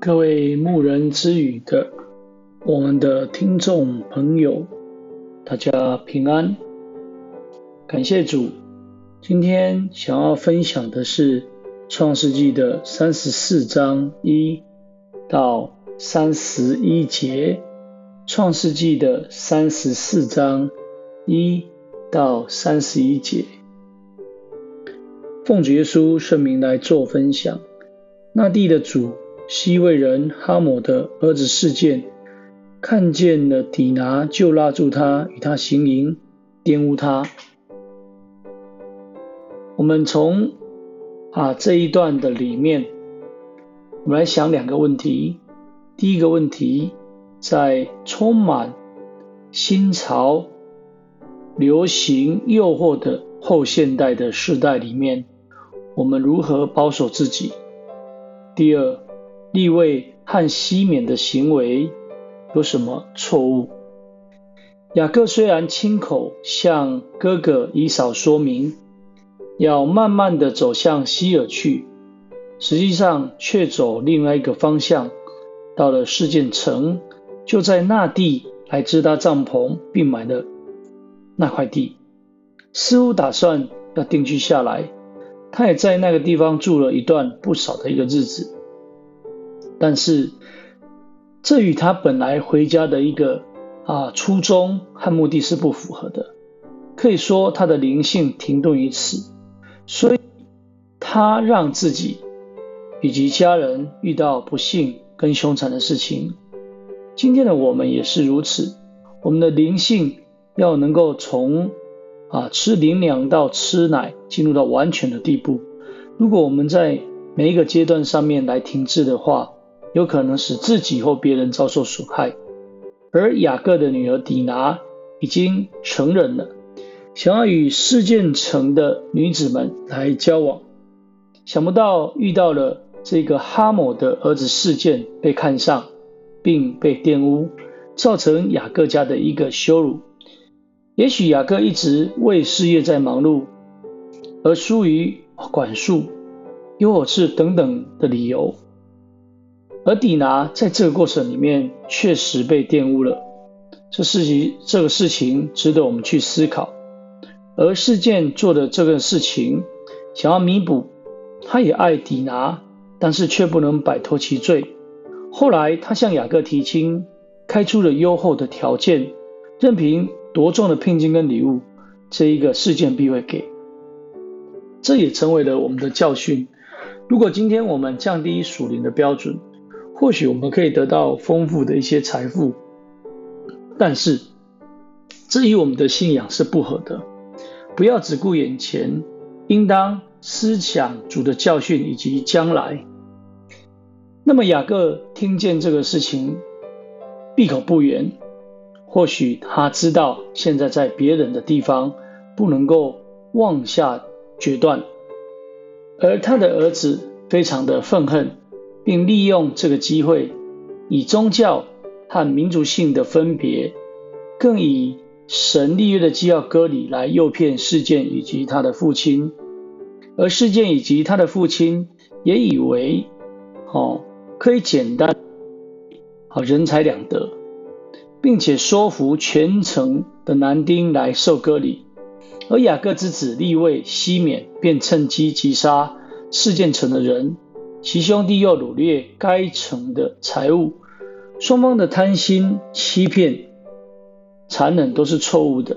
各位牧人之語的，我們的聽眾朋友，大家平安，感謝主。今天想要分享的是《創世紀》的三十四章一到三十一節，《創世紀》的三十四章一到三十一節。奉主耶穌聖名來做分享，那地的主。希未人哈抹的兒子示劍，看見了底拿，就拉住他與他行淫、玷污他。我們從啊這一段的裡面，我們來想兩個問題。第一個問題，在充滿新潮、流行、誘惑的後現代的時代裡面，我們如何保守自己？第二，利未和西緬的行為有什麼錯誤？雅各雖然親口向哥哥以掃說明，要慢慢的走向西珥去，實際上卻走另外一個方向，到了示劍城，就在那地來支搭帳篷，並買了那塊地，似乎打算要定居下來。他也在那個地方住了一段不少的一個日子。但是，這與他本來回家的一個啊初衷和目的是不符合的。可以說，他的靈性停頓於此，所以他讓自己以及家人遇到不幸跟兇殘的事情。今天的我們也是如此，我們的靈性要能夠從啊吃靈糧到吃奶，進入到完全的地步。如果我們在每一個階段上面來停滯的話，有可能使自己或別人遭受損害，而雅各的女兒底拿已經成人了，想要與示劍城的女子們來交往，想不到遇到了這個哈抹的兒子示劍，被看上，並被玷污，造成雅各家的一個羞辱。也許雅各一直為事業在忙碌，而疏於管束、又或是等等的理由。而迪拿在這個過程裡面確實被玷污了，這事情這個事情值得我們去思考。而示劍做的這個事情，想要彌補，他也愛迪拿，但是卻不能擺脫其罪。後來他向雅各提親，開出了優厚的條件，任憑多重的聘金跟禮物，這一個示劍必會給。這也成為了我們的教訓。如果今天我們降低屬靈的標準，或許我們可以得到豐富的一些財富，但是，這與我們的信仰是不合的。不要只顧眼前，應當思想主的教訓以及將來。那麼雅各聽見這個事情，閉口不言。或許他知道現在在別人的地方，不能夠妄下決斷，而他的兒子非常的憤恨。並利用這個機會，以宗教和民族性的分別，更以神立約的記號割禮來誘騙示劍以及他的父親，而示劍以及他的父親也以為，哦，可以簡單，好，人財兩得，並且說服全城的男丁來受割禮，而雅各之子利未、西緬便趁機擊殺示劍城的人。其兄弟要擄掠該城的財物，雙方的貪心、欺騙、殘忍都是錯誤的。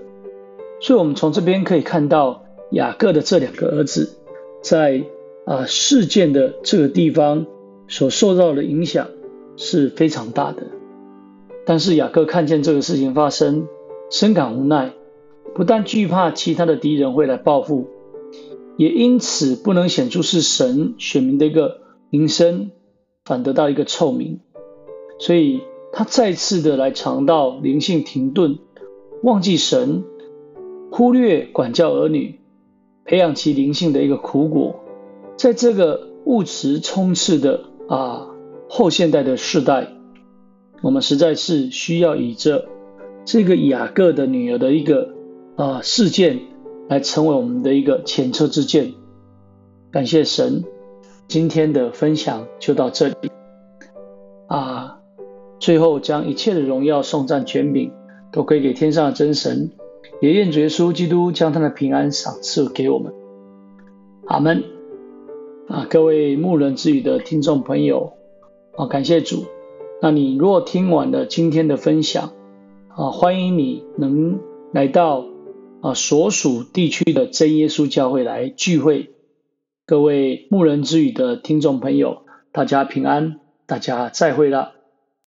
所以，我們從這邊可以看到雅各的這兩個兒子在啊、呃、事件的這個地方所受到的影響是非常大的。但是雅各看見這個事情發生，深感無奈，不但懼怕其他的敵人會來報復，也因此不能顯出是神選民的一個。名聲反得到一個臭名，所以他再次的來嘗到靈性停頓、忘記神、忽略管教兒女、培養其靈性的一個苦果。在這個物質充斥的啊後現代的世代，我們實在是需要以這這個雅各的女兒的一個啊事件，來成為我們的一個前車之鑒。感謝神。今天的分享就到這裡啊！最後將一切的榮耀頌讚權柄都歸給天上的真神，也願主耶穌基督將他的平安賞賜給我們。阿門啊！各位牧人之語的聽眾朋友啊，感謝主！那你若聽完了今天的分享啊，歡迎你能來到啊所屬地區的真耶穌教會來聚會。各位，牧人之語的聽眾朋友，大家平安，大家再會了。